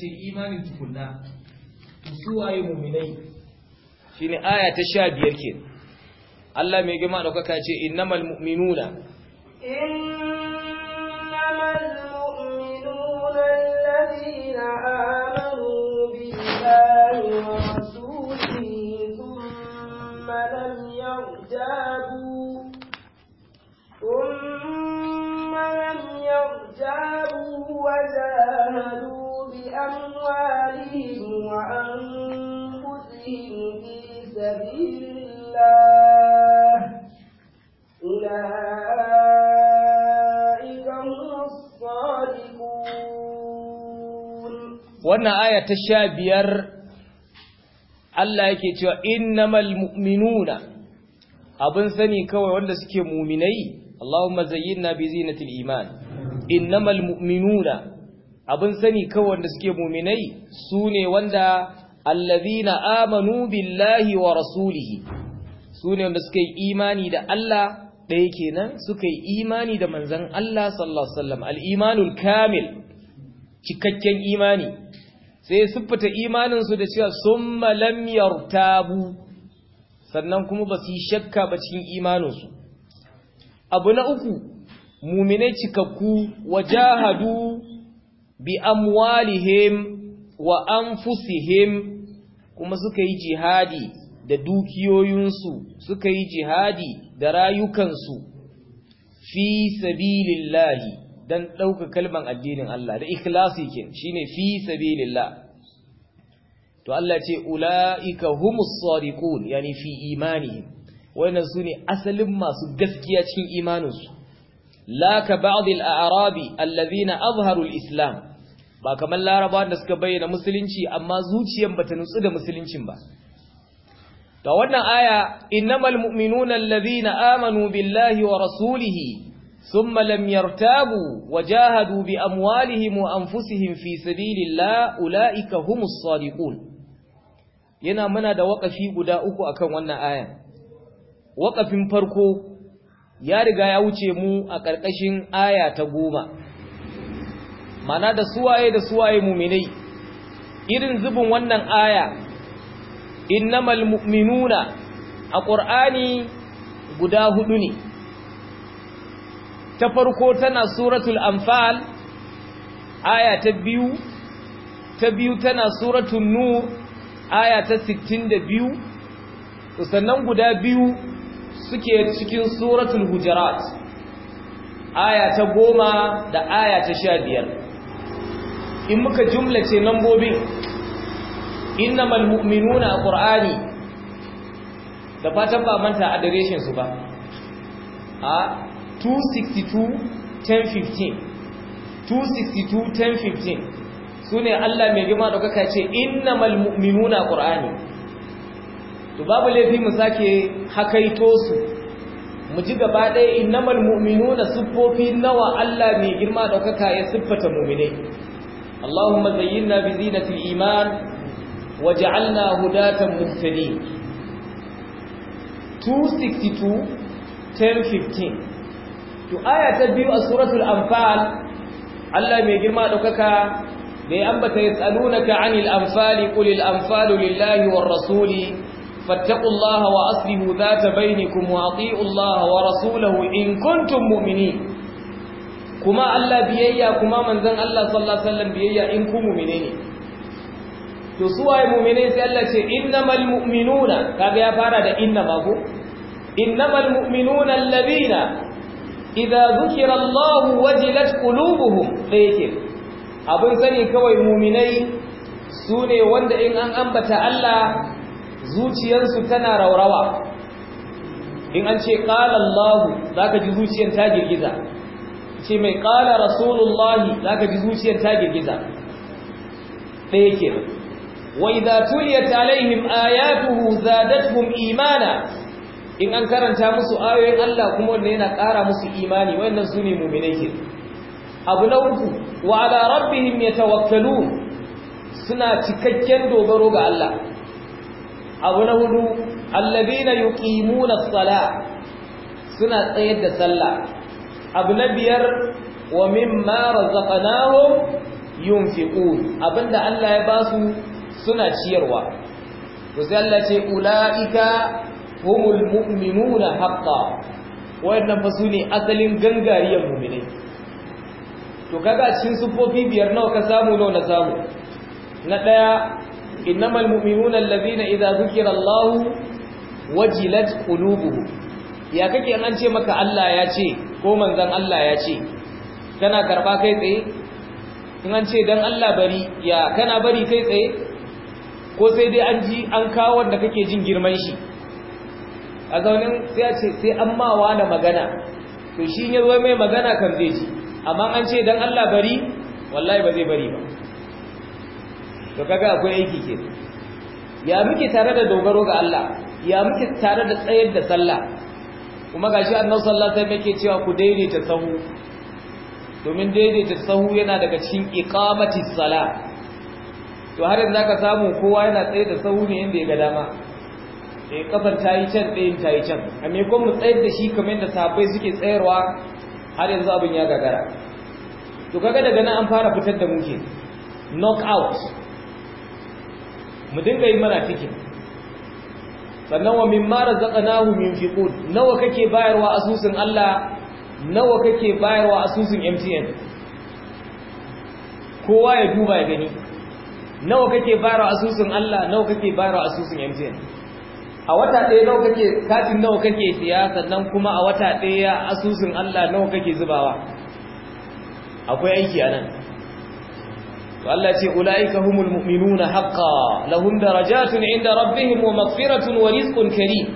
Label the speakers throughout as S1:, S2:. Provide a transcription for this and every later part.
S1: ce imanin tukunna su waye mu'minai shine aya ta sha biyar ke Allah mai girma daukaka ce innamal mu'minuna innamal mu'minuna alladhina wannan aya ta sha biyar Allah yake cewa innamal mu'minuna abin sani kawai wanda suke muminai Allahumma zayyinna bi zinatil iman innamal mu'minuna abin sani kawai wanda suke muminai sune wanda allazina amanu billahi wa rasulihi sune wanda suka yi imani da Allah ɗaya kenan suka yi imani da manzon Allah sallallahu alaihi wasallam al-imanul kamil cikakken imani sai siffata imaninsu da cewa sun lam yartabu sannan kuma ba su yi shakka ba cikin imaninsu abu na uku mumine cikakku wa jahadu bi amwalihim wa anfusihim kuma suka yi jihadi da dukiyoyinsu suka yi jihadi da rayukansu fi sabilillahi dan ɗauka kalman addinin Allah da ikhlasi kin shine fi sabilillah to Allah ce ulaika humus sadiqun yani fi imanihim wannan sune asalin masu gaskiya cikin imaninsu la ka ba'd arabi alladhina azharu al-islam ba kamar Laraba da suka bayyana musulunci amma zuciyan bata nutsu da musuluncin ba to wannan aya innamal mu'minuna alladhina amanu billahi wa rasulihi ثم لم يرتابوا وجاهدوا بأموالهم وأنفسهم في سبيل الله أولئك هم الصادقون yana mana da waƙafi guda uku akan wannan aya waƙafin farko ya riga ya wuce mu a ƙarƙashin aya ta goma mana da suwaye da suwaye muminai irin zubin wannan aya innamal mu'minuna a ƙur'ani guda hudu ne ta farko tana suratul anfal aya ta biyu ta biyu tana suratul nur aya ta 62 sannan guda biyu suke cikin suratul hujarat aya ta goma da aya ta sha biyar in muka jumla jumlace lambobin innamal mu'minuna a ƙur'ani da fatan ba manta adireshin su ba a 262-1015 su ne Allah mai girma ɗaukaka ce ina malmuminuna ƙur'ani to babu laifi mu sake hakaito su mu ji gaba ɗaya inna malmuminuna siffofi nawa Allah mai girma ɗaukaka ya siffata muminai Allahumma na bi zinatil iman waj'alna hudatan muhtadin 262 1015 to aya ta biyu a suratul anfal Allah mai girma daukaka bai ambata yasalunaka anil anfali qulil anfalu lillahi war rasuli fattaqullaha wa aslihu dhata bainakum wa atiullaha wa rasulahu in kuntum mu'minin kuma Allah biyayya kuma manzon Allah sallallahu alaihi wasallam biyayya in ku mu'mine ne to su waye mu'mine sai Allah ce innamal mu'minuna kaga ya fara da innama ko innamal mu'minuna alladhina idza zukira Allah wajilat qulubuhum da yake abin sani kawai muminai sune wanda in an ambata Allah zuciyarsu tana raurawa in an ce qala Allah zaka ji zuciyar ta girgiza ce mai qala rasulullah zaka ji zuciyar ta girgiza da yake wa idza tuliyat alaihim ayatuhu zadatuhum imana in an karanta musu ayoyin Allah kuma wanda yana ƙara musu imani wannan su ne muminai ke abu na uku wa ala rabbihim yatawakkalun suna cikakken dogaro ga Allah abu na hudu allazina yuqimuna as-sala suna tsayar da sallah abu na biyar wa mimma razaqnahum yunfiqun abinda Allah ya basu suna ciyarwa to sai Allah ce ulaika humul mu'minuna haqqan wayannan fa sune asalin gangariyar mu'minai to kaga cikin sufofi biyar nawa ka samu nawa na samu na daya innamal mu'minuna alladhina idza dhukira Allah wajilat qulubuhum ya kake an ce maka Allah ya ce ko manzon Allah ya ce kana karba kai tsaye in an ce dan Allah bari ya kana bari kai tsaye ko sai dai an ji an kawo wanda kake jin girman shi a zaunin sai a ce sai an mawa da magana to shi ya zo mai magana kan zai ci amma an ce don Allah bari wallahi ba zai bari ba to kaga akwai aiki ke ya muke tare da dogaro ga Allah ya muke tare da tsayar da sallah kuma gashi annabi sallallahu alaihi wasallam yake cewa ku daidaita sahu domin daidaita sahu yana daga cikin ikamati sala to har yanzu zaka samu kowa yana tsaye da sahu ne inda ya ga dama sai eh, kafar ta yi can ɗayin ta yi can a maimakon mu tsayar da shi kamar yadda sahabbai suke tsayarwa har yanzu abin ya gagara to kaga daga nan an fara fitar da muke knock out mu dinga yi mana cikin. sannan wa mimma fi yunfiqun nawa kake bayarwa asusun Allah nawa kake bayarwa asusun MTN kowa ya duba ya gani nawa kake bayarwa asusun Allah nawa kake bayarwa asusun MTN a wata ɗaya nawa kake katin nawa kake siya sannan kuma a wata ɗaya asusun Allah nawa kake zubawa akwai aiki anan nan to Allah ce ulaika humul mu'minuna haqqan lahum darajatun 'inda rabbihim wa maghfiratun wa rizqun karim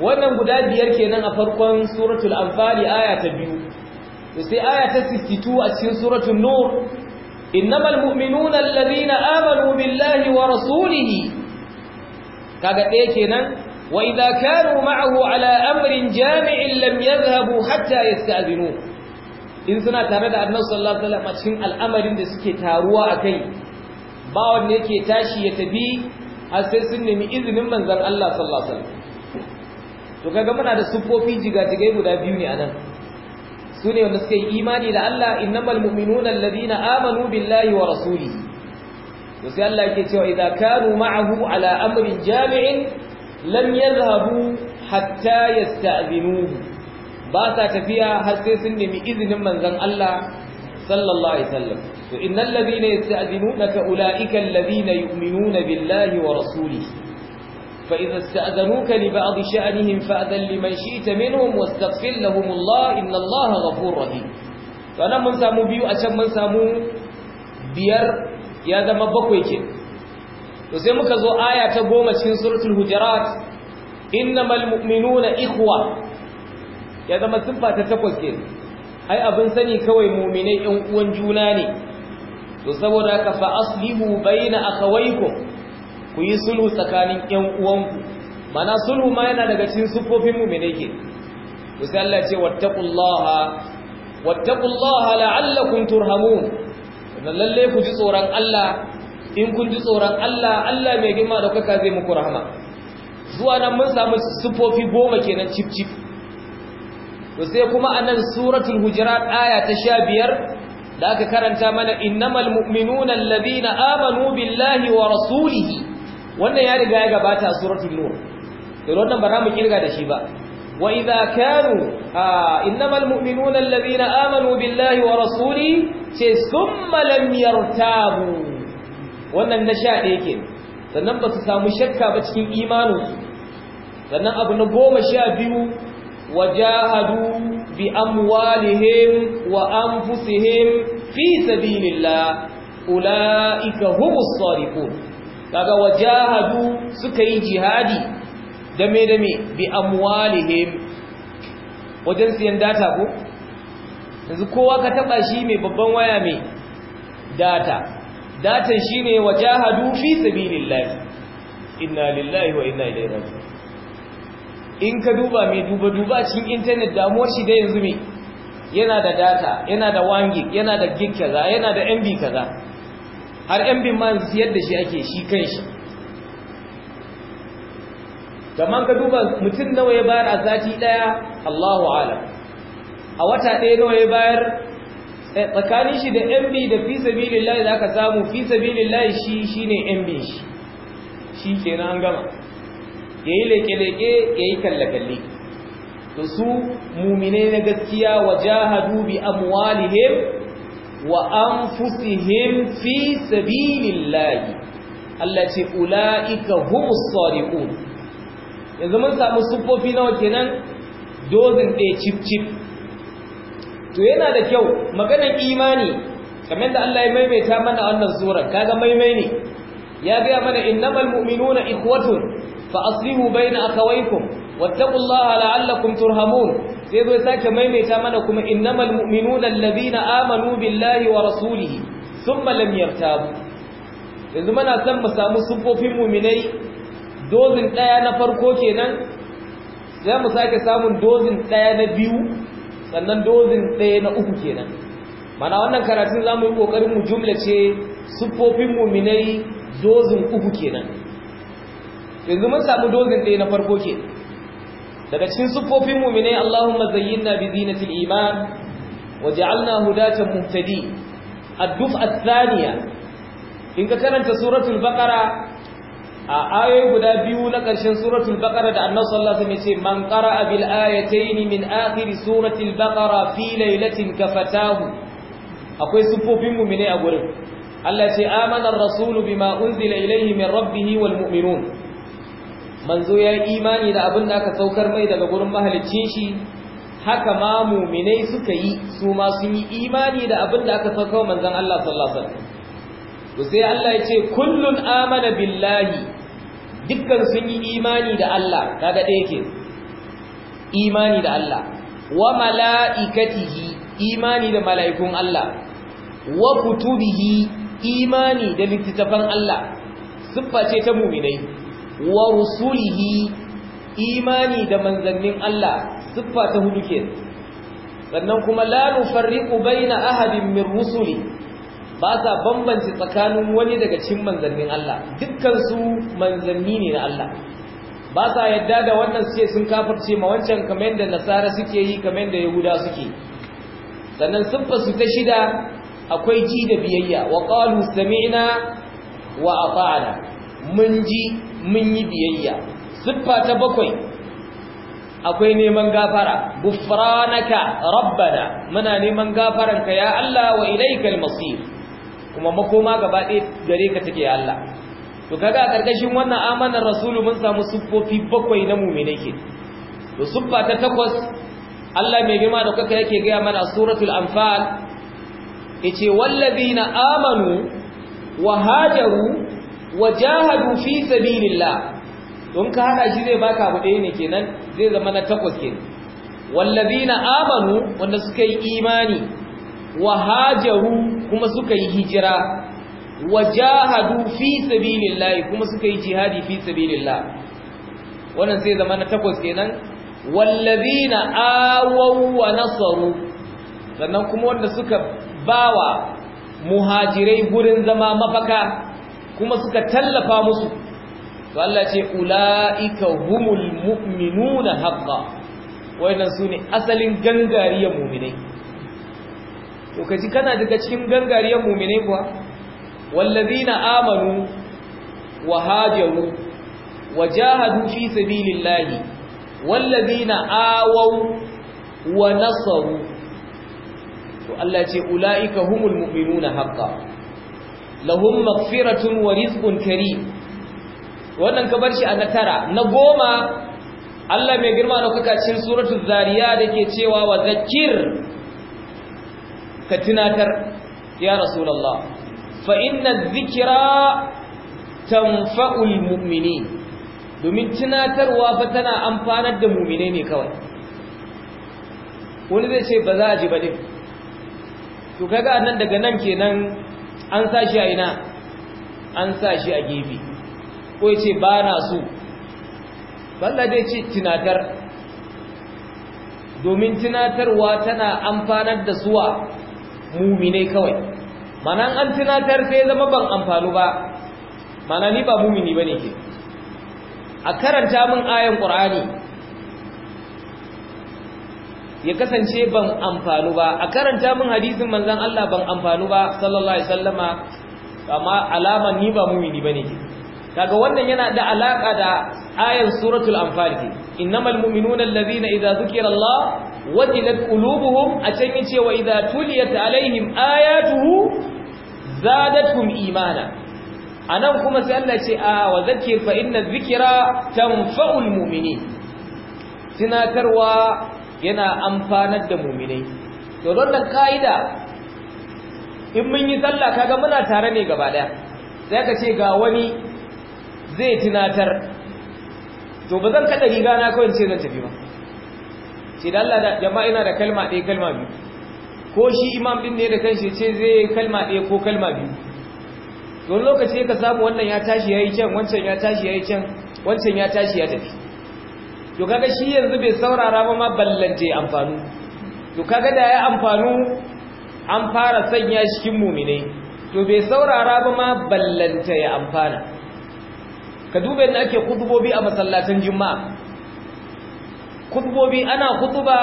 S1: wannan guda biyar kenan a farkon suratul anfal aya ta biyu to sai aya ta 62 a cikin suratul nur innamal mu'minuna alladhina amanu billahi wa rasulihi kaga ɗaya kenan wa idza kanu ma'ahu ala amrin jami'in lam yadhhabu hatta yasta'dinu in suna tare da annabi sallallahu alaihi wasallam a cikin al'amarin da suke taruwa akai ba wanda yake tashi ya tafi har sai sun nemi izinin manzon Allah sallallahu alaihi wasallam to kaga muna da sufofi jigajigai guda biyu ne anan sune wanda suke imani da Allah innamal mu'minuna alladhina amanu billahi wa rasulihi to sai Allah yake cewa idza kanu ma'ahu ala amrin jami'in lam yadhhabu hatta yasta'dhinuhu ba sa tafiya har sai sun nemi izinin manzon Allah sallallahu alaihi wasallam to innal ladhina yasta'dhinunaka ulaika alladhina yu'minuna billahi wa rasulihi فإذا استأذنوك لبعض شأنهم فأذن لمن شئت منهم واستغفر لهم الله إن الله غفور رحيم فأنا samu biyu a can من samu biyar. ya zama bakwai ke to sai muka zo aya ta goma cikin suratul hujurat innamal mu'minuna ikhwa ya zama sifa ta takwas ke ai abin sani kawai mu'minai 'yan uwan juna ne to saboda haka fa aslihu baina akhawaykum ku yi sulhu tsakanin ƴan uwanku mana sulhu ma yana daga cikin sufofin mu'minai ke to sai Allah ya ce wattaqullaha wattaqullaha la'allakum turhamun lalle ku ji tsoron Allah in kun ji tsoron Allah Allah mai girma da kuka zai muku rahama zuwa nan mun samu sufofi goma kenan chip chip to sai kuma anan suratul hujurat aya ta 15 da aka karanta mana innamal mu'minuna alladhina amanu billahi wa rasulihi wannan ya riga ya gabata suratul nur to wannan ba za mu kirga da shi ba وإذا كانوا آه إنما المؤمنون الذين آمنوا بالله ورسوله ثم لم يرتابوا wannan sha ɗaya ke sannan ba su samu shakka ba cikin imaninsu sannan abu na goma sha biyu wajahadu bi amwalihim wa anfusihim fi sabilillah ulaika humus sadiqun kaga wajahadu suka yi jihadi Dame dame bi amwalihim wajen siyan data ko yanzu kowa ka taba shi mai babban waya mai data datan wa jahadu fi sabilillahi inna lillahi wa inna ilaihi raji'un in ka duba mai duba duba cikin internet damuwar shi da yanzu mai yana da data yana da wangi yana da gig kaza yana da MB kaza har MB man siyar da shi ake shi kanshi kamar ka duba mutum nawa ya bayar a sati ɗaya, Allahu alam a wata ɗaya nawa ya bayar eh, tsakanin shi da MB da fi za zaka samu fi layi shi shine MB shi shi na an gama yayi leke-leke yayi kalle-kalle to su mumine na gaskiya wajahadu bi amwalihim wa anfusihim fi sabilillahi Allah ce ula'ika humus sadiqun yanzu mun samu siffofi nawa kenan dozin ɗaya cif cif. to yana da kyau maganar imani kamar da Allah ya maimaita mana wannan sura kaga maimai ne ya ga mana innamal mu'minuna ikhwatun fa aslihu baina akhawaykum wattaqullaha la'allakum turhamun sai zo sake maimaita mana kuma innamal mu'minuna alladhina amanu billahi wa rasulihi thumma lam yartabu yanzu muna san mu samu siffofin mu'minai dozin ɗaya na farko kenan za mu sake samun dozin ɗaya na biyu sannan dozin ɗaya na uku kenan mana wannan karatun za mu yi ƙoƙarin mu jumla ce siffofin muminai dozin uku kenan yanzu mun samu dozin ɗaya na farko ke daga cikin siffofin muminai Allahumma na bi zinatil iman waj'alna hudatan muhtadi ad a duf thaniya in ka karanta suratul baqara a ayoyi guda biyu na ƙarshen suratul baqara da annabi sallallahu alaihi wasallam yace man qara'a bil ayataini min akhir suratul baqara fi laylatin kafatahu akwai sufofin mu'mine a gurin Allah ce amana ar-rasulu bima unzila ilayhi min rabbih wal mu'minun manzo ya imani da abin da aka saukar mai daga gurin mahaliccin shi haka ma mu'minai suka yi su ma sun yi imani da abin da aka saukar manzon Allah sallallahu alaihi wasallam to sai Allah ya ce kullun amana billahi dukkan sun yi imani da Allah kaga da yake. imani da Allah wa mala'ikatihi imani da mala'ikun Allah wa kutubihi imani da littattafan Allah siffa ce ta mu'minai wa rusulihi imani da manzannin Allah siffa ta hudu ke, sannan kuma la nufarriqu baina ahadin min rusuli ba sa bambanci tsakanin wani daga cikin manzannin Allah Dukkansu su manzanni ne na Allah ba sa yadda da wannan suke sun kafarce ma wancan kamar yadda nasara suke yi kamar yadda yahuda suke sannan siffa su ta shida akwai ji da biyayya wa qalu sami'na wa ata'na mun ji mun yi biyayya siffa ta bakwai akwai neman gafara gufranaka rabbana muna neman gafaranka ya Allah wa ilaikal masir kuma makoma gaba ɗaya gare ka take Allah to kaga a ƙarƙashin wannan amanar rasulu mun samu siffofi bakwai na muminai ke to siffa ta takwas Allah mai girma da kaka yake gaya mana a suratul anfal yace wallazina amanu wa hajaru wa jahadu fi sabilillah don ka hada shi zai baka abu ɗaya ne kenan zai zama na takwas kenan wallazina amanu wanda suka yi imani wa hajaru kuma suka yi hijira wajahadu fi sabilillah kuma suka yi jihadi fi sabilillah wannan sai zama na takwas kenan wallazina awaw wa nasaru sannan kuma wanda suka bawa muhajirai gurin zama mafaka kuma suka tallafa musu to Allah ce ulaika humul mu'minuna haqqan wayannan sune asalin gangariyar mu'minai to kaji kana daga cikin gangariyar mu'mine kuwa wallazina amanu wa hajaru wa jahadu fi sabilillahi wallazina awaw wa nasaru to Allah ce ulaika humul mu'minuna haqqan lahum maghfiratun wa rizqun karim wannan ka bar shi a na tara na goma Allah mai girma na kuka cikin suratul zariya dake cewa wa zakir ka tunatar ya rasulullah fa zikira dhikra tanfa'ul mu'minin domin tunatarwa fa tana amfanar da mu'mine ne kawai wani zai ce ba za a ji ba ne, to kaga nan daga nan kenan an sa shi a ina an sa shi a gefe ko ya ce ba na so balla dai ce tunatar domin tunatarwa tana amfanar da suwa muminai kawai mana an tunatar sai zama ban amfanu ba mana ni ba mumini ba ne ke a karanta min ayan ƙur'ani ya kasance ban amfanu ba a karanta min hadisin manzan Allah ban amfanu ba sallallahu alaihi sallama amma alama ni ba mumini ba ne ke kaga wannan yana da alaƙa da ayan suratul anfal ke innamal mu'minuna allazina idza zukira Allah wajilat qulubuhum a can yace wa idza tuliyat alaihim ayatuhu zadatuhum imana anan kuma sai ce a wa zakkir fa zikira dhikra tanfa'ul mu'minin tunatarwa yana amfanar da mu'minai to don kaida in mun yi sallah kaga muna tare ne gaba ɗaya. sai ka ce ga wani zai tunatar to ba zan kada riga na kawai ce zan tafi ba sai da Allah da jama'a ina da kalma ɗaya kalma biyu ko shi imam din ne da kanshi ce zai kalma ɗaya ko kalma biyu don lokaci ka samu wannan ya tashi yayi can wancan ya tashi yayi can wancan ya tashi ya tafi to kaga shi yanzu bai saurara ba ma ballanje amfanu to kaga da ya amfanu an fara sanya shi cikin mu'mine to bai saurara ba ma ballanta ya amfana ka duba yadda ake kutubobi a masallatan juma'a kutubobi ana kutuba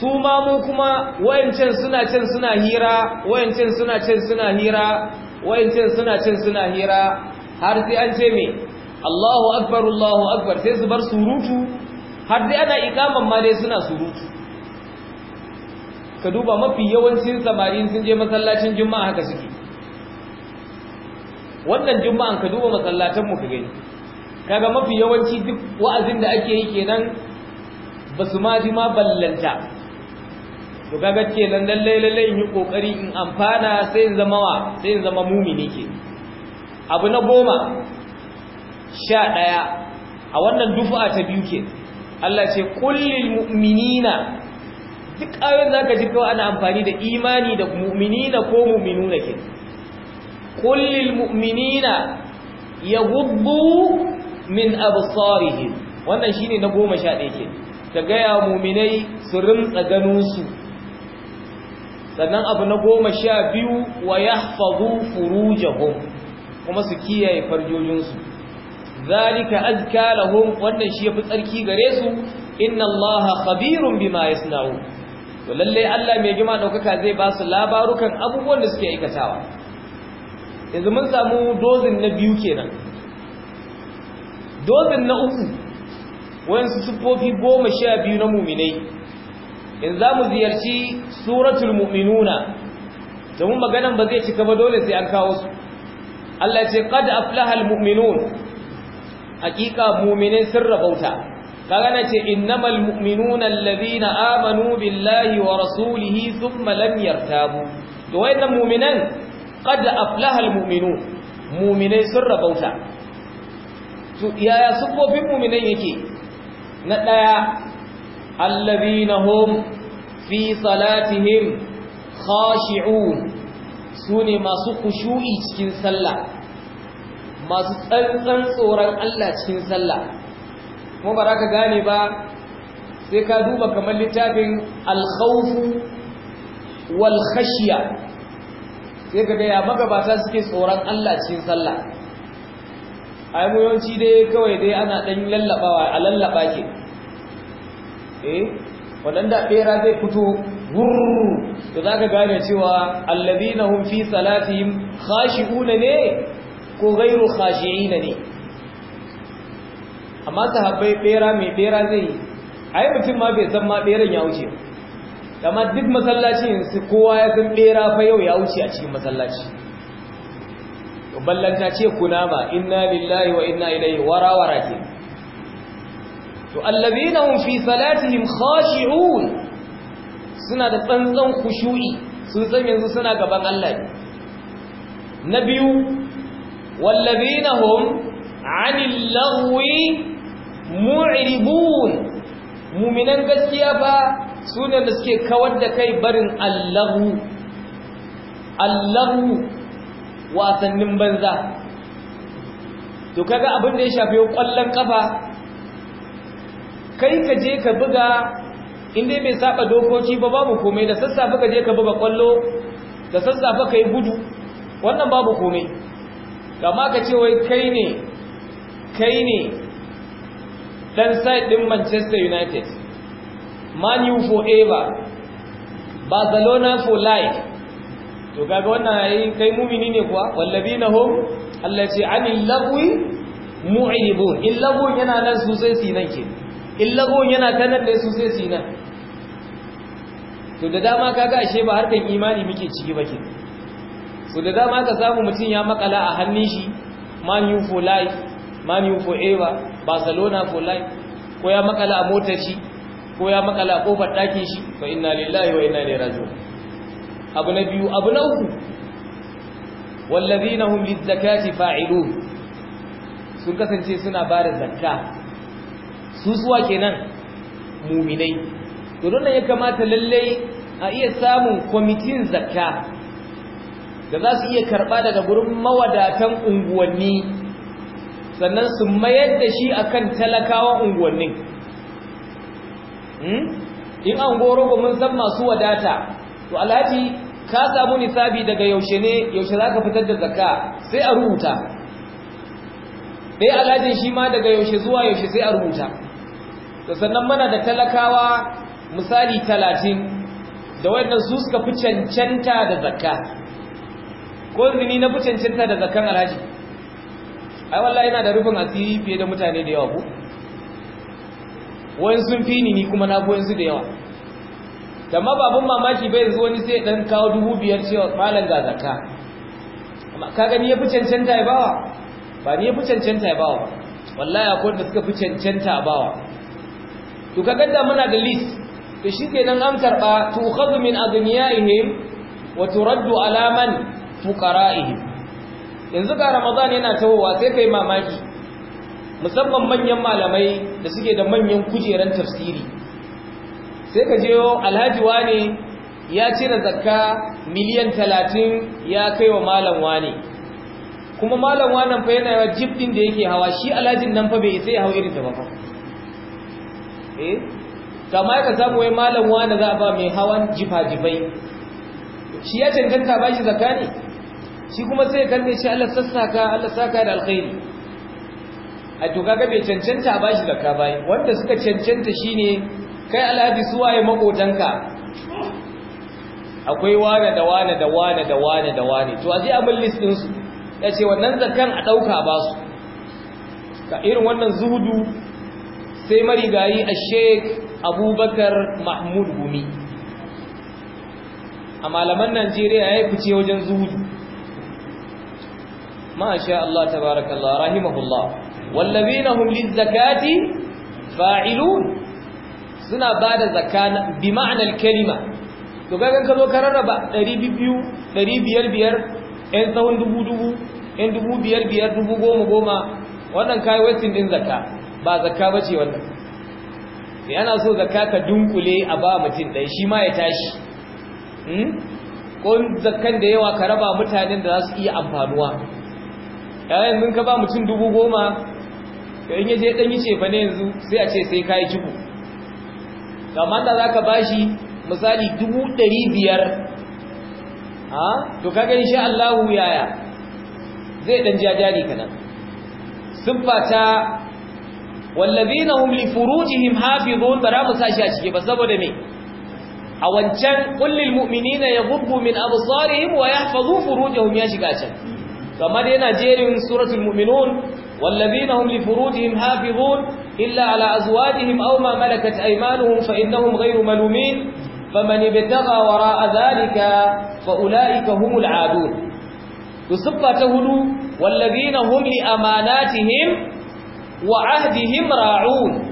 S1: su ma mu kuma wayancin suna cin suna hira wayancin suna cin suna hira wayancin suna cin suna hira har sai an ce me Allahu akbar Allahu akbar sai su bar surutu har dai ana ikaman ma dai suna surutu ka duba mafi yawancin samarin sun je masallacin juma'a haka suke wannan juma'an ka duba masallatan mu ka gani kaga mafi yawanci duk wa'azin da ake yi kenan basu ma ji ma ballanta to kaga kenan nan lallai in yi kokari in amfana sai in zama wa sai in zama mumini ke abu na goma sha ɗaya a wannan dufa ta biyu ke Allah ce kullil mu'minina duk ayoyin zaka ji kawai ana amfani da imani da mu'minina ko mu'minuna ke kullil mu'minina yaghuddu min absarihim wannan shine na 11 ke ta gaya mu'minai su rimtsa ganinsu sannan abu na goma sha biyu wa yahfazu furujahum kuma su kiyaye farjojinsu zalika azka lahum wannan shi yafi tsarki gare su inna allaha khabirun bima yasna'u to lalle Allah mai gima daukaka zai ba su labarukan abubuwan da suke aikatawa yanzu mun samu dozin na biyu kenan dozin na uku wayansu siffofi goma sha biyu na muminai yanzu za mu ziyarci suratul muminuna domin maganan ba zai cika ba dole sai an kawo su Allah ce qad aflaha muminun hakika mu'minin sun rabauta kaga na ce innamal mu'minuna alladhina amanu billahi wa rasulihi thumma lam yartabu to wayannan mu'minan qad aflaha almu'minun mu'minai sun rabauta to yaya sufofin muminai yake na daya allazina hum fi salatihim khashi'un sune masu khushu'i cikin sallah masu tsantsan tsoron Allah cikin sallah kuma ba ka gane ba sai ka duba kamar littafin alkhawfu wal khashya sai ka gaya magabata suke tsoron Allah cikin sallah ai mu yawanci dai kawai dai ana dan lallabawa a lallaba ke eh wadanda bera zai fito wurru to zaka gane cewa alladhina hum fi salatihim khashi'una ne ko ghairu khashi'ina ne amma sahabbai bera mai bera zai yi. ai mutum ma bai san ma beran ya wuce amma duk masallacin su kowa ya san bera fa yau ya wuce a cikin masallaci ballanta ce kunama inna lillahi wa inna ilaihi warawara ke to allabina hum fi salatihim khashi'un suna da tsantsan kushu'i sun san yanzu suna gaban Allah ne na biyu wallazina hum 'anil lagwi mu'ribun mu'minan gaskiya fa su da suke kawar da kai barin allahu allahu wasannin banza to kaga abin da ya shafi kwallon kafa kai ka je ka buga inda mai saba dokoki ba babu komai da sassafe ka je ka buga kwallo da sassafe ka yi gudu wannan babu komai kama ka ce wai kai ne kai ne dan side din Manchester United Man manu forever barcelona for life to kaga wannan ai kai mumini ne kuwa wallabina hum allati anil lagwi mu'ribun in lagwon yana nan su sai sinan ke in lagwon yana kanan da su sai sinan to da dama kaga ashe ba harkan imani muke ciki ba ke so da dama ka samu mutum ya makala a hannun shi manu for life Man manu forever barcelona for life ko ya makala a motar shi ko ya makala kofar ɗakin shi fa inna lillahi wa inna ilaihi raji'un abu na biyu abu na uku wallazina hum lizakati fa'ilun sun kasance suna ba da zakka su suwa kenan mu'minai to don ya kamata lalle a iya samun kwamitin zakka da za su iya karɓa daga gurin mawadatan unguwanni sannan su mayar da shi akan talakawa unguwannin Hmm? in an goro ko mun san masu wadata to alhaji ka samu nisabi daga yaushe ne yaushe za ka fitar da zakka sai a rubuta dai alhajin shi ma daga yaushe zuwa yaushe sai a rubuta to sannan mana da talakawa misali 30 da wannan su suka fi cancanta da zakka ko zini na fi cancanta da zakkan alhaji ai wallahi yana da rufin asiri fiye da mutane da yawa ko wani sun fi ni kuma na fi yanzu da yawa da mababin mamaki bai zuwa wani sai dan kawo dubu biyar cewa malam ga zaka amma ka gani ya fi cancanta ya bawa ba ni ya fi cancanta ya bawa wallahi akwai da suka fi cancanta a bawa to ka ganda muna da list to shi nan an karɓa tu khadhu min adniyaihim wa turaddu ala man fuqara'ihim yanzu ga ramadan yana tawowa sai kai mamaki musamman manyan malamai da suke da manyan kujeran tafsiri sai ka je alhaji wane ya cire zakka miliyan talatin ya kai wa malam wane kuma malam wanan fa yana yawa jibdin da yake hawa shi alhajin nan fa bai isa ya hau irin da ba fa eh kama ka samu wai malam wane za a ba mai hawan jifa-jifai shi ya cancanta ba shi zakka ne shi kuma sai ya kalle shi Allah sassaka Allah saka da alkhairi a to kaga bai cancanta ba shi zakka ba wanda suka cancanta shine kai alhaji suwaye makotanka akwai wane da wane da wane da wane da wane to a je a bin list din su yace wannan zakkan a dauka ba su ka irin wannan zuhudu sai marigayi a sheikh abubakar mahmud gumi a malaman najeriya ya fice wajen zuhudu sha Allah tabarakallah rahimahullah wallazina hum lizakati fa'ilun suna ba da bi ma'anar kalima to kaga ka zo ka rarraba 200 500 ɗan tsawon 2000 ɗan 2500 10,000 wannan kai wetin din zakka ba zakka bace wannan sai ana so zakka ka dunkule a ba mutum dai shi ma ya tashi ko zakkan da yawa ka raba mutanen da za su iya amfanuwa yayin mun ka ba mutum dubu goma to in yaje dan yi cefa ne yanzu sai a ce sai kai to amma da zaka bashi misali 500 ha to kaga insha Allah yaya zai dan jajari kana siffata wallazina hum li furujihim hafizun bara mu a cike ba saboda me a wancan kullil mu'minina yaghubbu min absarihim wa yahfazu furujahum ya shiga can kamar yana jerin suratul mu'minun والذين هم لفروجهم حافظون إلا على أزواجهم أو ما ملكت أيمانهم فإنهم غير ملومين فمن ابتغى وراء ذلك فأولئك هم العادون يسبى تهدو والذين هم لأماناتهم وعهدهم راعون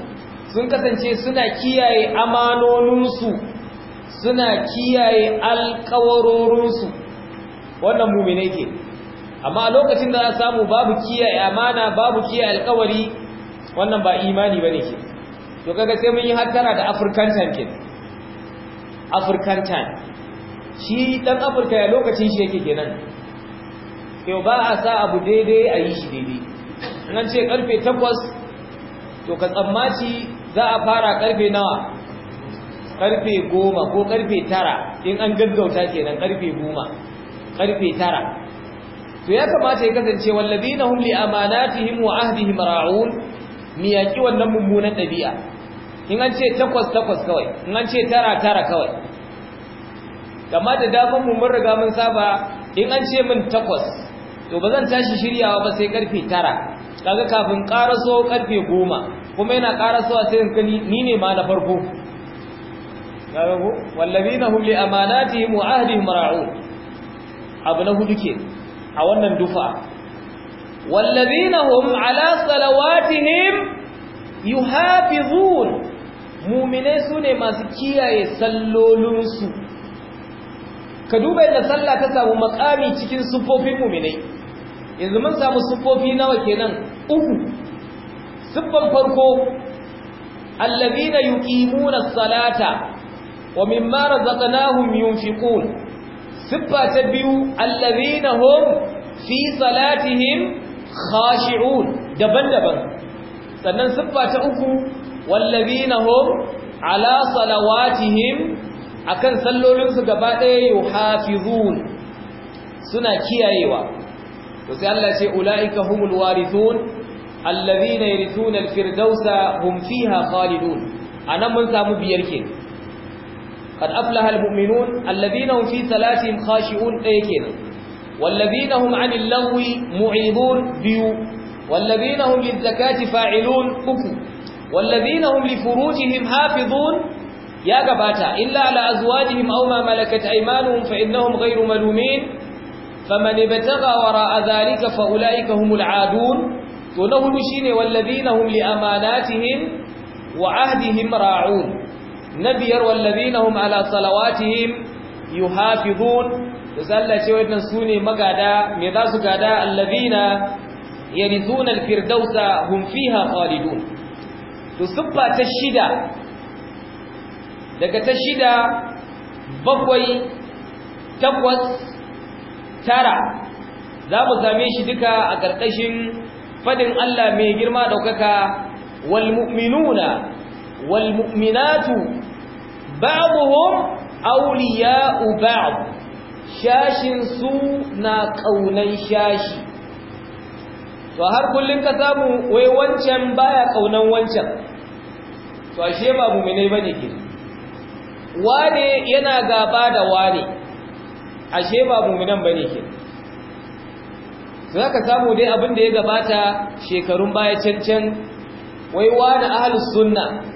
S1: sun kasance suna kiyaye amanoninsu suna kiyaye alkawarorinsu wannan mumine ke amma a lokacin da za a samu babu kiyaye amana babu kiyaye alkawari wannan ba imani ba ne ke to kaga sai mun yi hattara da african time ke african time shi dan afirka ya lokacin shi yake kenan to ba a sa abu daidai a yi shi daidai nan ce karfe 8 to ka tsammaci za a fara karfe nawa karfe 10 ko karfe 9 in an gaggauta kenan karfe 10 karfe 9 to ya kamata ya kasance wallazina hum li amanatihim wa ahdihim ra'un yaki wannan mummunan dabi'a in an ce takwas takwas kawai in an ce tara tara kawai kamar da dafan mu mun riga mun saba in an ce min takwas to ba zan tashi shiryawa ba sai karfe tara kaga kafin karaso karfe goma kuma yana karasowa sai in kani ni ne ma na farko kaga ko wallazina hum li amanatihim wa ahdihim ra'un abu na hudu kenan a wannan dufa wallazina hum ala salawatihim yuhafizun mu'minai sune masu kiyaye sallolinsu ka duba yadda sallah ta samu makami cikin sufofin mu'minai yanzu mun samu sufofi nawa kenan uku Sufan farko allazina yuqimuna as-salata wa mimma razaqnahum yunfiqun siffa ta biyu allazina hum fi salatihim khashi'un daban-daban sannan siffa ta uku wallazina hum ala salawatihim akan sallolinsu gaba ɗaya yuhafizun suna kiyayewa to sai Allah ce ulaika humul warithun allazina yarithuna alfirdausa hum fiha khalidun anan mun samu biyar kenan qad aflaha almu'minun alladhina hum fi salatihim khashi'un ɗaya kenan walladhina hum 'anil lagwi mu'ridun biyu walladhina hum lizakati fa'ilun uku walladhina hum li furujihim hafizun ya gabata illa ala azwajihim auma ma malakat aymanuhum fa innahum ghayru malumin faman ibtagha wara'a dhalika fa ulaika humul 'adun to na hudu shine walladhina hum li amanatihim wa ahdihim ra'un na biyar wallazina hum ala salawatihim yuhafizun da ce wannan sune magada me za su gada allazina yarithuna alfirdausa hum fiha khalidun to siffa ta shida daga ta shida bakwai takwas tara za mu same shi duka a ƙarƙashin fadin Allah mai girma ɗaukaka wal mu'minuna Walmuminatu mu'minatu ba'dhum awliya'u ba'd shashin su na kaunan shashi to har kullun ka samu wai wancan baya kaunan wancan to ashe ba mu'mine bane ke wane yana gaba da wane ashe ba mu'minan bane ke za ka samu dai abin da ya gabata shekarun baya cancan wai wani ahalus sunna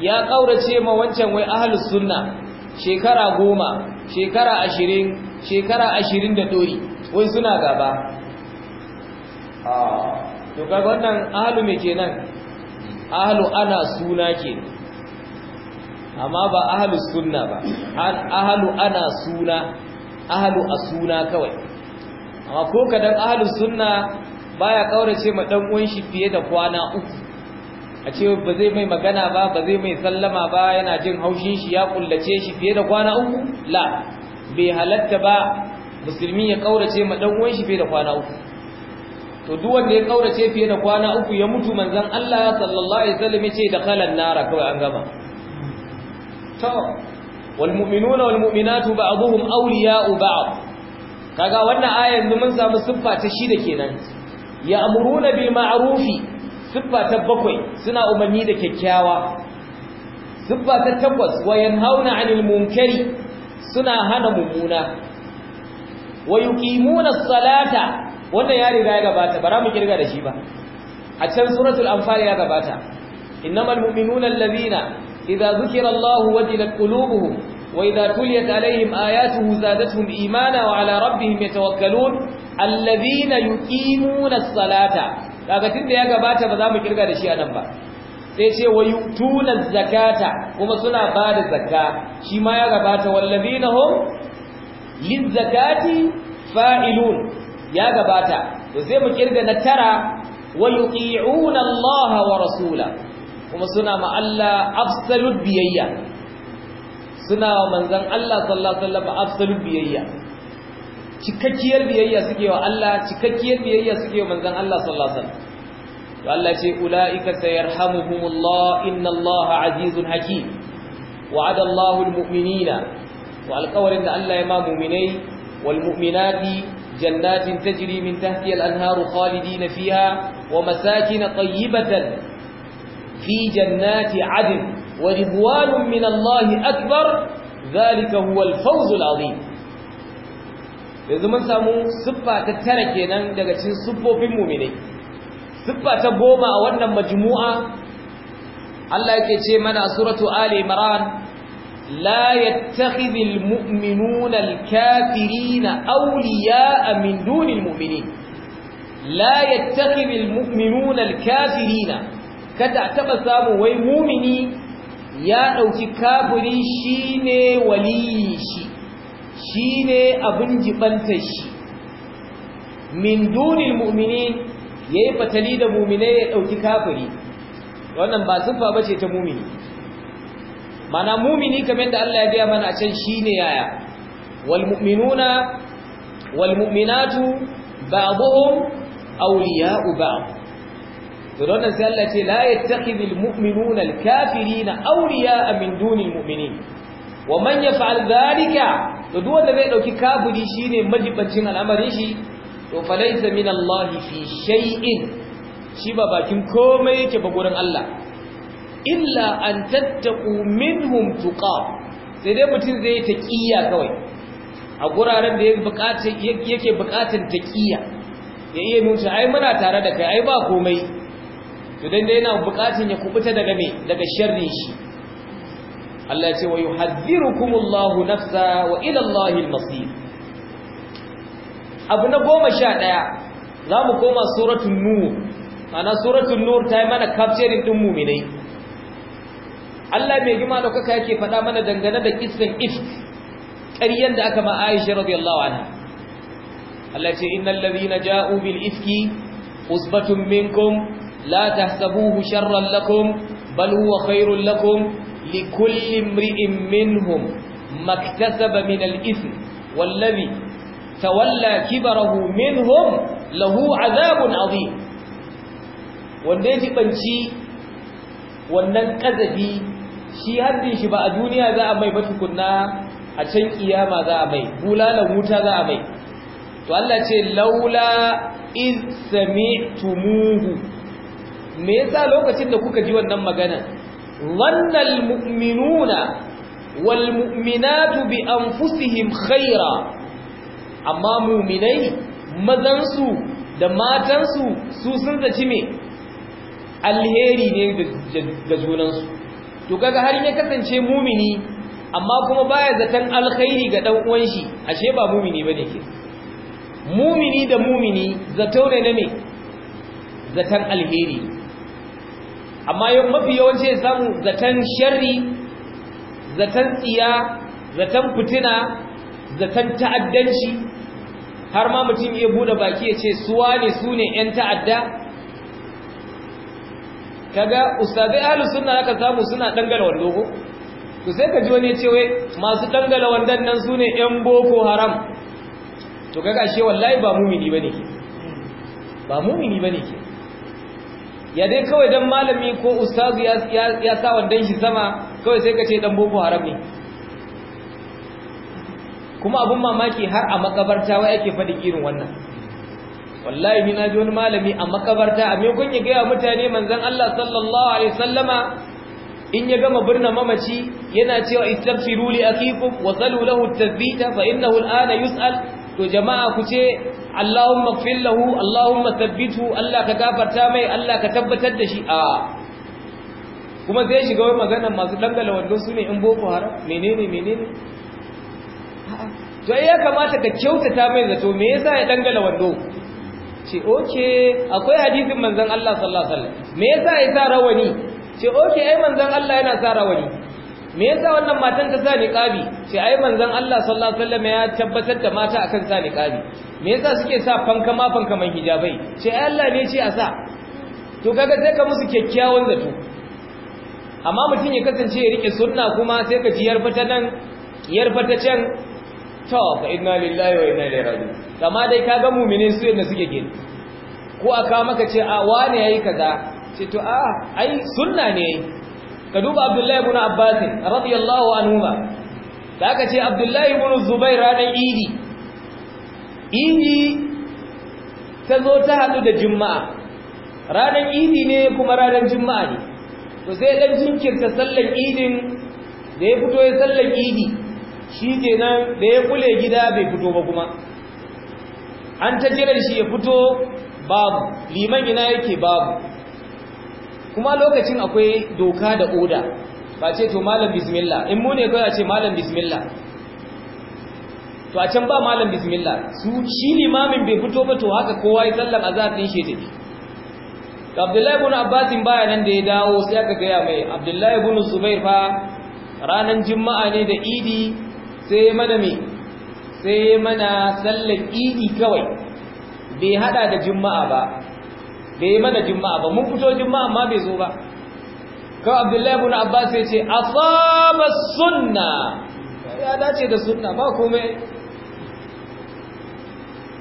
S1: ya ƙaurace ma wancan wai ahalus sunna shekara goma shekara ashirin shekara ashirin da ɗori wai suna gaba to ga wannan ahalu me kenan ahalu ana suna ke amma ba ahalus sunna ba ahalu ana suna ahalu a suna kawai amma ko kadan ahlu sunna baya ƙaurace ma ɗan uwan shi fiye da kwana uku a ce ba zai mai magana ba ba zai mai sallama ba yana jin haushin shi ya kullace shi fiye da kwana uku la bai halatta ba musulmi ya kaurace ma dan uwan shi fiye da kwana uku to duk wanda ya kaurace fiye da kwana uku ya mutu manzon Allah sallallahu alaihi wasallam ya ce da khalan nara kawai an gama to wal mu'minuna wal mu'minatu ba'dhum awliya'u ba'd kaga wannan aya yanzu mun samu siffa ta shi da kenan ya'muruna bil ma'rufi siffa ta bakwai suna umarni da kyakkyawa siffa ta takwas wa yanhauna 'anil munkari suna hana mummuna wa yuqimuna as-salata wannan ya riga ya gabata bara mu kirga da shi ba a can suratul anfal ya gabata innamal mu'minuna allazina idza dhukira Allahu wajilat qulubuhum wa idza tuliyat alaihim ayatuhu zadatuhum imana wa ala rabbihim yatawakkalun allazina yuqimuna salata kaga tunda ya gabata ba za mu kirga da shi anan ba sai ce wa yutuna zakata kuma suna ba da zakka shi ma ya gabata wallazina hum lizakati fa'ilun ya gabata to sai mu kirga na tara wa yuti'una Allah wa rasula kuma suna ma Allah absolute biyayya suna manzon Allah sallallahu alaihi wasallam absolute biyayya cikakkiyar biyayya suke wa Allah cikakkiyar biyayya suke wa manzon Allah sallallahu alaihi wasallam to Allah ce ulaika sayarhamuhumullah innallaha azizun hakim wa'ada Allahu almu'minina wa alqawlin da Allah ya ma mu'minai wal mu'minati jannatin tajri min tahtiha al-anharu khalidina fiha wa masakin tayyibatan fi jannati 'adn wa ridwanun min Allah akbar dhalika huwa al-fawz al-'azim yanzu mun samu siffa ta tara kenan daga cikin siffofin mu'mini siffa ta goma a wannan majmu'a Allah yake ce mana a suratu ali imran la yattakhidhu kafirina alkafirina awliya'a min duni almu'minin la yattakhidhu almu'minuna alkafirina kada a taba samu wai mu'mini ya ɗauki kafiri shine waliyin shi shi ne abin jibantar shi min dunin mu'mini ya yi fatali da mumine ya ɗauki kafiri wannan ba siffa ba ce ta mumini mana mumini kamar da Allah ya biya mana can shi ne yaya walmu'minuna walmu'minatu ba'dhum awliya'u ba'd don wannan sai Allah ce la yattakhidhul mu'minuna al-kafirina awliya'a min dunil mu'minin wa man yaf'al dhalika to duk wanda zai dauki kafiri shine majibancin al'amarin shi to falaysa min Allah fi shay'in shi ba bakin komai yake ba gurin Allah illa an tattaqu minhum tuqa sai dai mutum zai taqiya kawai a guraren da yake bukatun taqiya ya iya nuna ai muna tare da kai ai ba komai to dan dai yana bukatun ya kubuta daga me daga sharrin shi Allah ce wa yuhadhdhirukumullahu nafsa wa ila Allahil masir abu na 11 zamu koma suratul nur ana suratul nur ta yi mana capturing din mu'minai Allah mai gima da kuka yake faɗa mana dangane da kissan ifk ƙaryan da aka ma Aisha radiyallahu anha Allah ce innal ladhina ja'u bil ifki usbatun minkum la tahsabuhu sharran lakum bal huwa khairul lakum لكل امرئ منهم ما اكتسب من الإثم والذي تولى كبره منهم له عذاب عظيم wanda ya jibanci wannan ƙazafi shi haddin shi ba a duniya za a mai ba tukunna a can kiyama za a mai bulalan wuta za a mai to Allah ce laula iz tumuhu me yasa lokacin da kuka ji wannan maganar? ظن المؤمنون والمؤمنات بأنفسهم خيرا أما مؤمني مذنسوا دماتنسوا سوسن تجمي alheri ne ga junansu to kaga har ne kasance mumini amma kuma baya zaton alkhairi ga dan uwan shi ashe ba mumini bane ke mumini da mumini zato ne na zaton alheri amma mafi yawanci samu zaton shari zaton tsiya zaton fitina zaton ta'addanci har ma mutum iya bude baki ya ce suwa ne su ne 'yan ta'adda kaga ustazai ahalus suna aka samu suna dangala wando ko to sai ka ji wani ya ce wai masu dangala wandan nan su ne 'yan boko haram to kaga ashe wallahi ba mumini bane ba mumini bane ke ya dai kawai dan malami ko ustazu ya sa wandan shi sama kawai sai ka ce dan boko haram ne kuma abin mamaki har a makabarta wai ake faɗi irin wannan wallahi ni naji wani malami a makabarta a me kun ya gaya mutane manzon Allah sallallahu alaihi wasallama in ya gama birnin mamaci yana cewa istaghfiru li akikum wa salu lahu at-tathbita fa innahu al yus'al to jama'a ku ce Allahumma ighfir Allahumma thabbithu Allah ka gafarta mai Allah ka tabbatar da shi a kuma sai shiga wani magana masu dangala wando su ne in boko haram menene menene to ya kamata ka kyautata mai zato me yasa ya dangala wando ce oke akwai hadisin manzon Allah sallallahu alaihi wasallam me yasa ya sa rawani ce oke ai manzon Allah yana sa rawani me yasa wannan matan ta sa niqabi sai ai manzon Allah sallallahu alaihi wasallam ya tabbatar da mata akan sa niqabi me yasa suke sa fanka ma fanka man hijabai sai ai Allah ne ce a sa to kaga sai ka musu kyakkyawan zato amma mutum ya kasance ya rike sunna kuma sai ka ji yarfata nan yarfata can to fa inna lillahi wa inna ilaihi raji'un kama dai ka ga mu'minin su yadda suke gani ko aka maka ce a wane yayi kaza sai to a ah, ai sunna ne ka duba abdullahi ibn abbas radiyallahu anhuma da aka ce abdullahi ibn zubair ranar idi idi ta zo ta hadu da juma'a ranar idi ne kuma ranar juma'a ne to sai dan jinkirta sallan idin da ya fito ya sallan idi shi kenan da ya kule gida bai fito ba kuma an ta jiran shi ya fito babu liman ina yake babu kuma lokacin akwai doka da oda ba ce to malam bismillah in mu ne kawai a ce malam bismillah to a can ba malam bismillah su shi limamin bai fito ba to haka kowa ya sallan a zafin shi tafi to abdullahi ibn abbas baya nan da ya dawo sai aka gaya mai abdullahi ibn zubair fa ranan juma'a ne da idi sai mana me sai mana sallar idi kawai bai hada da juma'a ba bai yi mana juma'a ba mun fito juma'a ma bai zo ba ka abdullahi ibn abbas ya ce asaba sunna ya dace da sunna ba komai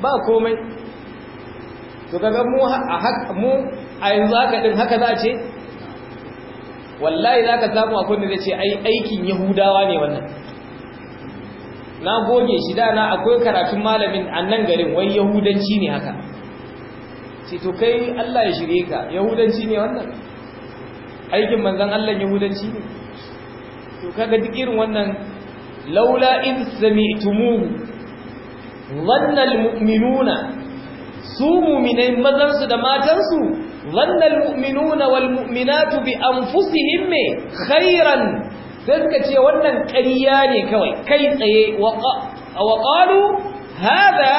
S1: ba komai to ga mu a haka mu a yanzu haka din haka za ce wallahi za ka samu akwai da ce ai aikin yahudawa ne wannan na goge shi da na akwai karatun malamin a nan garin wai yahudanci ne haka ce to kai Allah ya shirye ka yahudanci ne wannan aikin manzon Allah yahudanci ne to kaga duk irin wannan laula in sami'tumuhu dhanna almu'minuna su mu'minai mazan su da matan su dhanna almu'minuna walmu'minatu bi anfusihim khairan sai suka ce wannan ƙarya ne kawai kai tsaye wa qalu hadha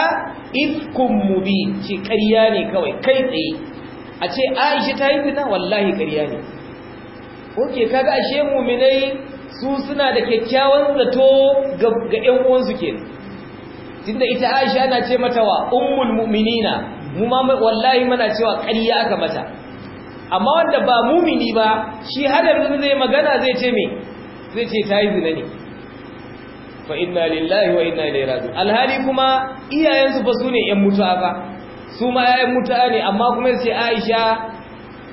S1: ifkun mubi ce ƙarya ne kawai kai tsaye a ce aisha ta yi zina wallahi ƙarya ne oke kaga ashe muminai su suna da kyakkyawan zato ga 'yan uwansu ke? tunda ita aisha ana ce mata wa ummul mu'minina mu wallahi muna cewa ƙarya aka mata amma wanda ba mumini ba shi hadar zai magana zai ce me zai ce ta yi zina ne fa inna lillahi wa inna ilaihi raji'un alhali kuma iyayensu fa sune yan mutuwa fa su ma yayin mutuwa ne amma kuma sai Aisha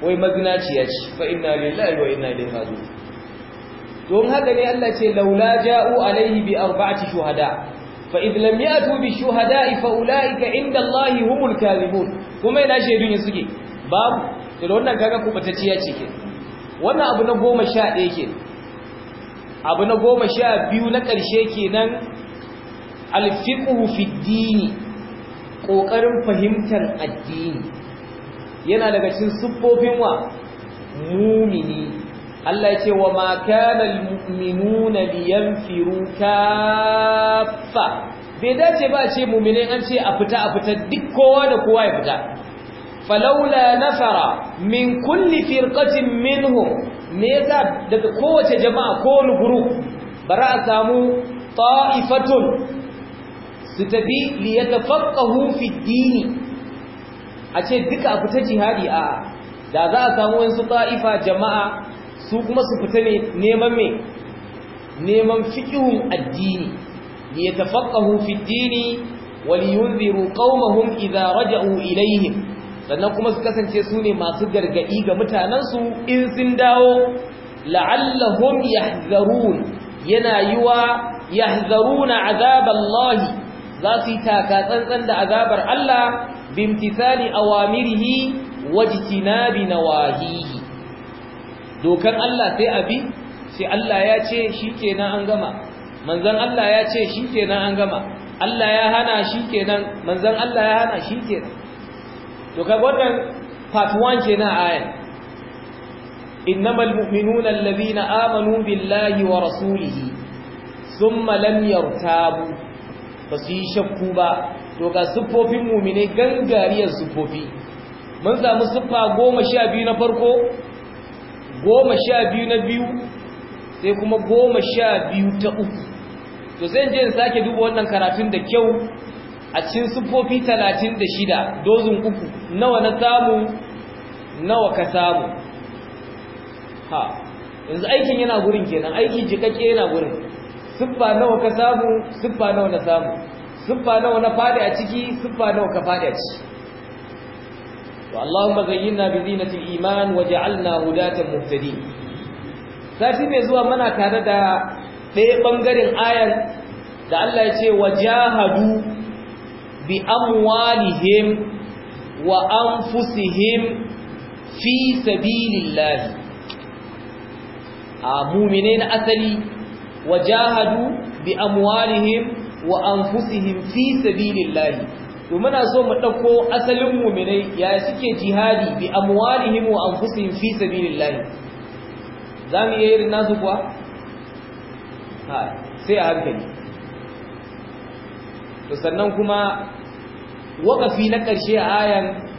S1: wai mazinaciya ce fa inna lillahi wa inna ilaihi raji'un don haka ne Allah ce laula ja'u alaihi bi arba'ati shuhada fa id lam ya'tu bi shuhada'i fa ulaika inda Allah humul kadhibun kuma ina dunya suke babu to wannan kaga kubatacciya ce ke wannan abu na 11 ke abu na goma sha biyu na ƙarshe kenan alfiqhu fi ƙoƙarin fahimtar addini yana daga cin siffofin wa mumini Allah ya ce wa ma kana almu'minuna biyan kaffa bai dace ba ce mumini an ce a fita a fita duk kowa da kowa ya fita falaula nasara, min kulli firqatin minhum me yasa daga kowace jama'a wani group bari a samu ta'ifatun su tafi li fi dini a ce duka a fita jihadi a da za a samu wasu ta'ifa jama'a su kuma su fita ne neman me neman fiqhun addini li yatafaqahu fi dini wa li qaumahum idza raja'u ilayhim sannan kuma su kasance su ne masu gargaɗi ga mutanensu in sun dawo la'allahum yahzarun yana yiwa yahzaruna azaballahi za su yi taka tsantsan da azabar Allah bimtisali awamirihi wajtinabi nawahihi dokan Allah sai abi sai Allah ya ce shikenan an gama manzon Allah ya ce shikenan an gama Allah ya hana shikenan manzon Allah ya hana shikenan to kaga wannan part 1 kenan aya innamal mu'minuna alladhina amanu billahi wa rasulihi thumma lam yartabu basu yi shakku ba to ga siffofin mu'mine gangariyar siffofi mun samu siffa 12 na farko 12 na biyu sai kuma 12 ta uku to zan je in sake duba wannan karatun da kyau a cikin siffofi 36 dozin uku nawa na samu nawa ka samu ha yanzu aikin yana gurin kenan aiki jikakke yana gurin siffa nawa ka samu siffa nawa na samu siffa nawa na fadi a ciki siffa nawa ka fadi a ciki wa Allahumma zayyinna bi al iman waj'alna hudatan muhtadin sai mai zuwa muna tare da ɗaya bangaren ayar da Allah ya ce wajahadu bi amwalihim wa anfusihim fi sabilillahi a mumine na asali wa jahadu bi amwalihim wa anfusihim fi sabilillahi to muna so mu dauko asalin muminai ya suke jihadi bi amwalihim wa anfusihim fi sabilillahi zamu yi irin nasu kuwa ha sai a hankali to sannan kuma waƙafi na ƙarshe a ayan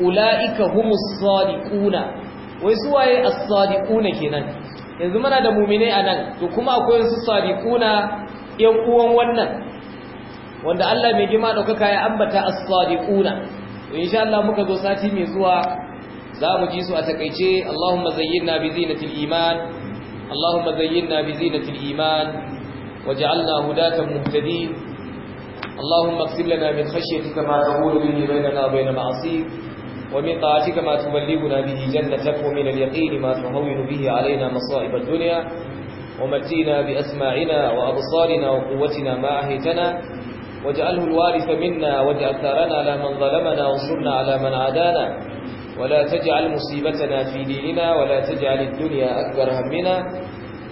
S1: ula'ika humus sadiquna wai su waye as-sadiquna kenan yanzu muna da muminai anan to kuma akwai su sadiquna yan uwan wannan wanda Allah mai gima daukaka ya ambata as-sadiquna to insha Allah muka zo sati mai zuwa za mu ji su a takeice Allahumma zayyinna bi zinatil iman Allahumma zayyinna bi zinatil iman waj'alna hudatan muhtadin اللهم اكسب لنا من خشيتك ما تقول به بيننا وبين معصيك ومن طاعتك ما تبلغنا به جنتك ومن اليقين ما تهون به علينا مصائب الدنيا ومتينا بأسماعنا وأبصارنا وقوتنا ما أهيتنا واجعله الوارث منا واجعل ثارنا على من ظلمنا وانصرنا على من عادانا ولا تجعل مصيبتنا في ديننا ولا تجعل الدنيا أكبر همنا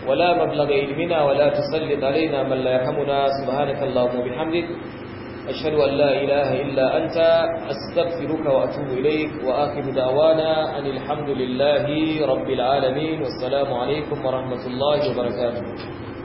S1: ولا مبلغ علمنا ولا تسلط علينا من لا يرحمنا سبحانك اللهم وبحمدك أشهد أن لا إله إلا أنت أستغفرك وأتوب إليك وآخر دعوانا أن الحمد لله رب العالمين والسلام عليكم ورحمة الله وبركاته